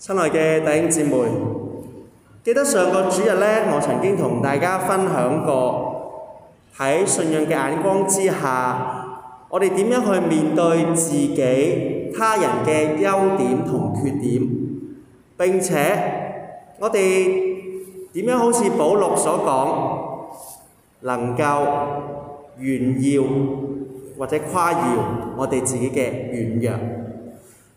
親愛嘅弟兄姊妹，記得上個主日呢，我曾經同大家分享過喺信仰嘅眼光之下，我哋點樣去面對自己、他人嘅優點同缺點，並且我哋點樣好似保祿所講，能夠炫耀或者誇耀我哋自己嘅軟弱。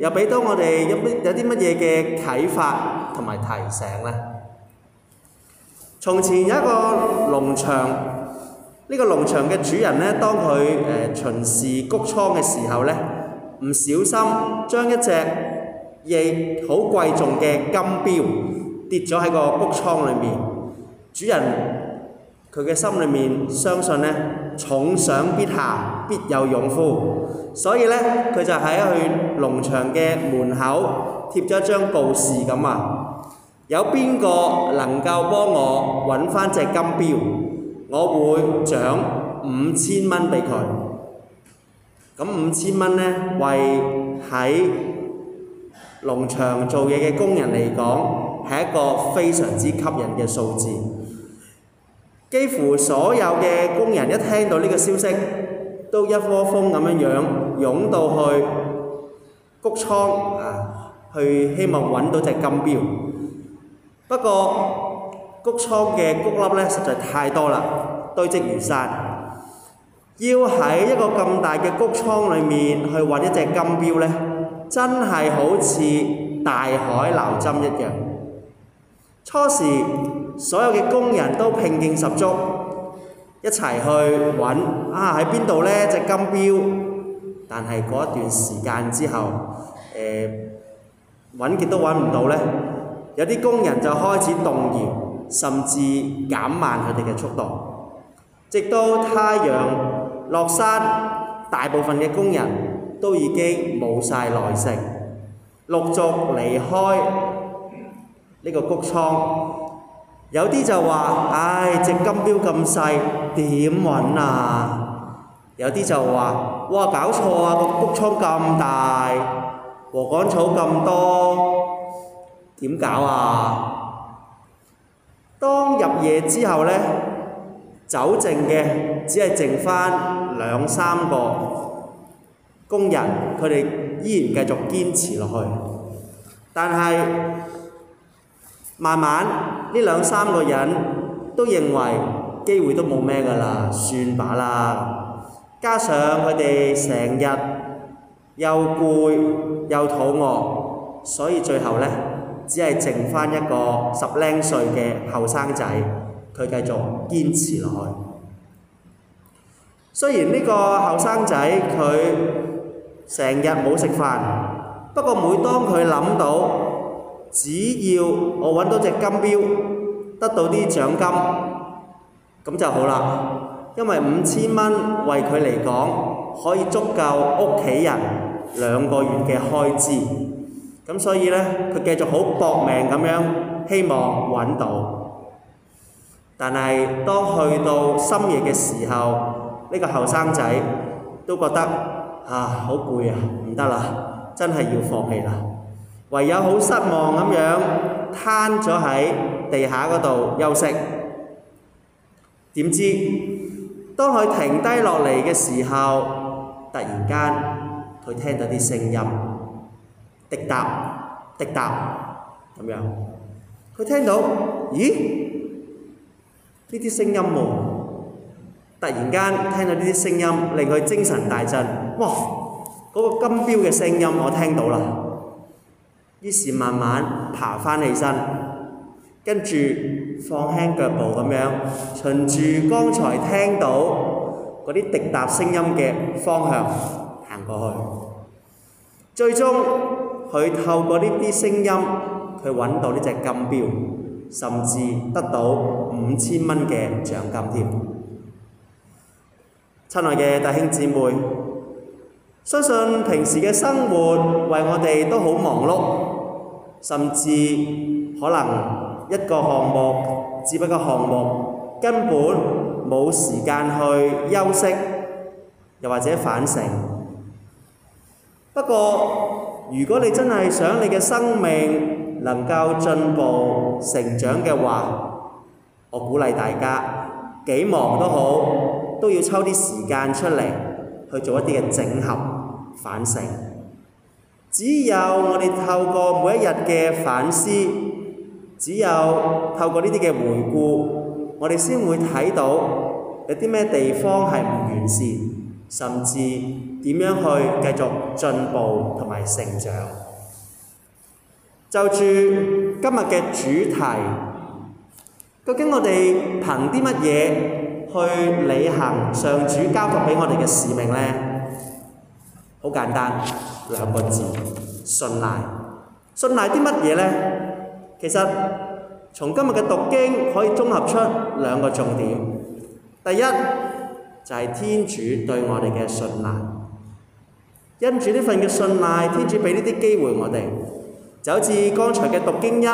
又俾多我哋有乜有啲乜嘢嘅啟發同埋提醒咧？從前有一個農場，呢個農場嘅主人咧，當佢誒巡視谷倉嘅時候咧，唔小心將一隻亦好貴重嘅金錶跌咗喺個谷倉裏面。主人佢嘅心裏面相信咧，重賞必下，必有勇夫。所以呢，佢就喺去農場嘅門口貼咗一張告示咁話：有邊個能夠幫我揾返隻金錶，我會獎五千蚊俾佢。咁五千蚊呢，為喺農場做嘢嘅工人嚟講，係一個非常之吸引嘅數字。幾乎所有嘅工人一聽到呢個消息，都一窩蜂咁樣樣湧到去谷倉啊，去希望揾到隻金錶。不過谷倉嘅谷粒呢，實在太多啦，堆積如山。要喺一個咁大嘅谷倉裏面去揾一隻金錶呢，真係好似大海撈針一樣。初時，所有嘅工人都拼勁十足。一齊去揾啊！喺邊度呢？隻、就是、金錶，但係嗰一段時間之後，誒揾極都揾唔到呢。有啲工人就開始動搖，甚至減慢佢哋嘅速度，直到太陽落山，大部分嘅工人都已經冇晒耐性，陸續離開呢個谷倉。有啲就話：唉、哎，隻金錶咁細，點揾啊？有啲就話：哇，搞錯啊！個谷倉咁大，禾稈草咁多，點搞啊？當入夜之後呢，走剩嘅只係剩返兩三個工人，佢哋依然繼續堅持落去，但係慢慢。呢兩三個人都認為機會都冇咩㗎啦，算罷啦。加上佢哋成日又攰又肚餓，所以最後呢，只係剩返一個十零歲嘅後生仔，佢繼續堅持落去。雖然呢個後生仔佢成日冇食飯，不過每當佢諗到。只要我揾到隻金錶，得到啲獎金，咁就好啦。因為五千蚊為佢嚟講，可以足夠屋企人兩個月嘅開支。咁所以呢，佢繼續好搏命咁樣，希望揾到。但係當去到深夜嘅時候，呢個後生仔都覺得啊，好攰啊，唔得啦，真係要放棄啦。唯有好失望咁樣攤咗喺地下嗰度休息。點知當佢停低落嚟嘅時候，突然間佢聽到啲聲音，滴答滴答咁樣。佢聽到，咦？呢啲聲音喎！突然間聽到呢啲聲音，令佢精神大振。哇！嗰個金錶嘅聲音我聽到啦～於是慢慢爬翻起身，跟住放輕腳步咁樣，循住剛才聽到嗰啲滴答聲音嘅方向行過去。最終，佢透過呢啲聲音，佢揾到呢隻金錶，甚至得到五千蚊嘅獎金添。親愛嘅弟兄姊妹，相信平時嘅生活為我哋都好忙碌。甚至可能一個項目，只不過項目根本冇時間去休息，又或者反省。不過，如果你真係想你嘅生命能夠進步成長嘅話，我鼓勵大家幾忙都好，都要抽啲時間出嚟去做一啲嘅整合反省。只有我哋透過每一日嘅反思，只有透過呢啲嘅回顧，我哋先會睇到有啲咩地方係唔完善，甚至點樣去繼續進步同埋成長。就住今日嘅主題，究竟我哋憑啲乜嘢去履行上主交付俾我哋嘅使命呢？好簡單。兩個字，信賴。信賴啲乜嘢咧？其實從今日嘅讀經可以綜合出兩個重點。第一就係天主對我哋嘅信賴。因住呢份嘅信賴，天主俾呢啲機會我哋，就好似剛才嘅讀經一，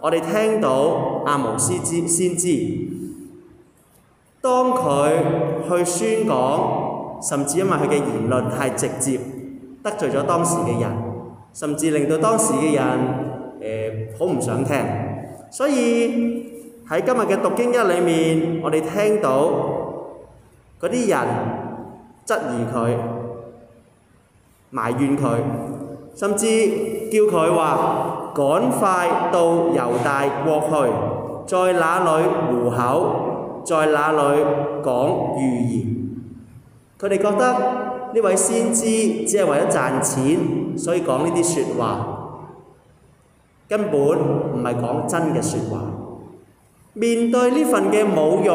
我哋聽到亞毛斯之先知，當佢去宣講，甚至因為佢嘅言論太直接。得罪咗當時嘅人，甚至令到當時嘅人誒好唔想聽，所以喺今日嘅讀經一裏面，我哋聽到嗰啲人質疑佢、埋怨佢，甚至叫佢話趕快到猶大國去，在那裏糊口，在那裏講預言，佢哋覺得，呢位先知只係為咗賺錢，所以講呢啲説話，根本唔係講真嘅説話。面對呢份嘅侮辱，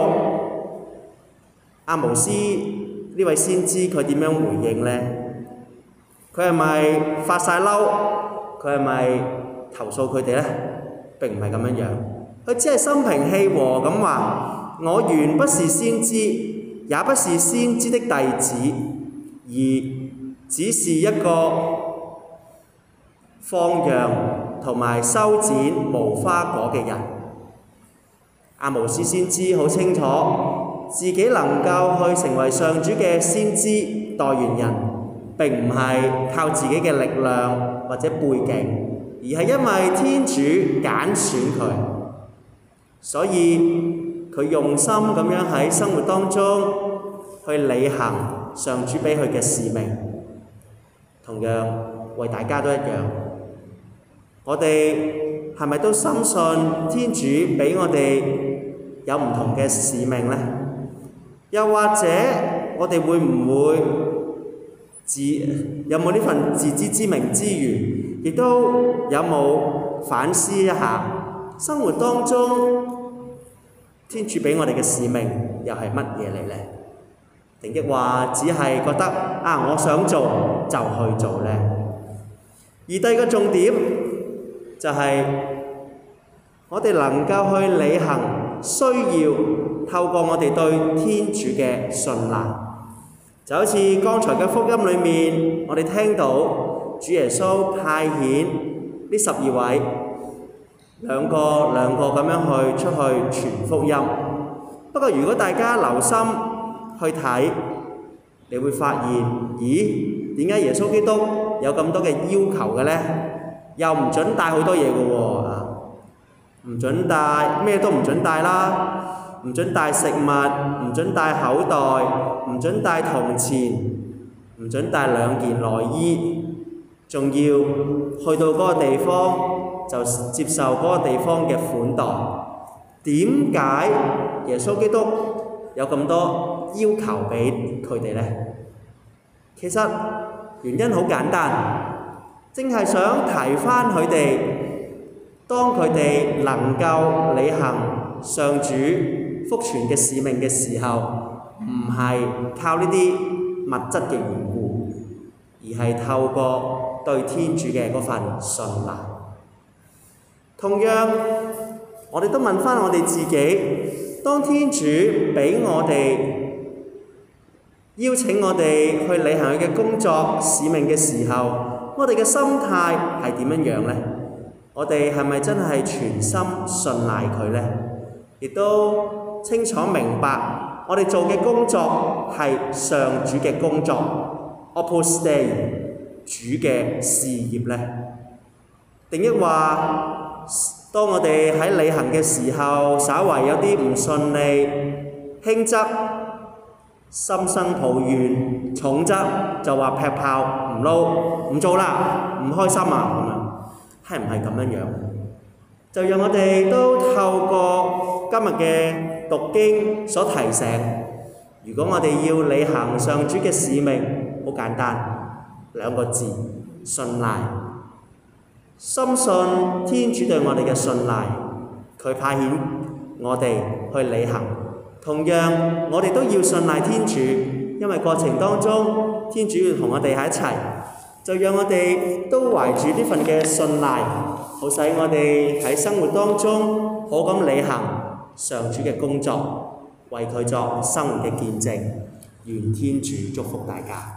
阿姆斯，呢位先知佢點樣回應呢？佢係咪發晒嬲？佢係咪投訴佢哋呢？並唔係咁樣樣，佢只係心平氣和咁話：我原不是先知，也不是先知的弟子。而只是一個放羊同埋修剪無花果嘅人。亞毛斯先知好清楚自己能夠去成為上主嘅先知代言人，並唔係靠自己嘅力量或者背景，而係因為天主揀選佢，所以佢用心咁樣喺生活當中去履行。上主俾佢嘅使命，同樣為大家都一樣。我哋係咪都深信天主俾我哋有唔同嘅使命呢？又或者我哋會唔會自有冇呢份自知之明之餘，亦都有冇反思一下生活當中天主俾我哋嘅使命又係乜嘢嚟呢？定抑或只係覺得啊，我想做就去做咧。而第二個重點就係我哋能夠去履行需要，透過我哋對天主嘅信賴。就好似剛才嘅福音裏面，我哋聽到主耶穌派遣呢十二位，兩個兩個咁樣去出去傳福音。不過如果大家留心，去睇，你會發現，咦？點解耶穌基督有咁多嘅要求嘅呢？又唔准帶好多嘢嘅喎，唔准帶咩都唔准帶啦，唔准帶食物，唔准帶口袋，唔准帶銅錢，唔准帶兩件內衣，仲要去到嗰個地方就接受嗰個地方嘅款待。點解耶穌基督有咁多要求俾佢哋呢，其實原因好簡單，淨係想提翻佢哋，當佢哋能夠履行上主福傳嘅使命嘅時候，唔係靠呢啲物質嘅緣故，而係透過對天主嘅嗰份信賴。同樣，我哋都問翻我哋自己，當天主俾我哋，邀請我哋去履行佢嘅工作使命嘅時候，我哋嘅心態係點樣樣呢？我哋係咪真係全心信賴佢呢？亦都清楚明白，我哋做嘅工作係上主嘅工作，opposite 主嘅事業呢。定抑話，當我哋喺履行嘅時候，稍為有啲唔順利，輕則……心生抱怨，重則就話劈炮唔撈，唔做啦，唔開心啊咁啊，係唔係咁樣樣？就讓我哋都透過今日嘅讀經所提醒，如果我哋要履行上主嘅使命，好簡單，兩個字：信賴。深信天主對我哋嘅信賴，佢派遣我哋去履行。同樣，我哋都要信賴天主，因為過程當中，天主要同我哋喺一齊，就讓我哋都懷住呢份嘅信賴，好使我哋喺生活當中可咁履行上主嘅工作，為佢作生活嘅見證，願天主祝福大家。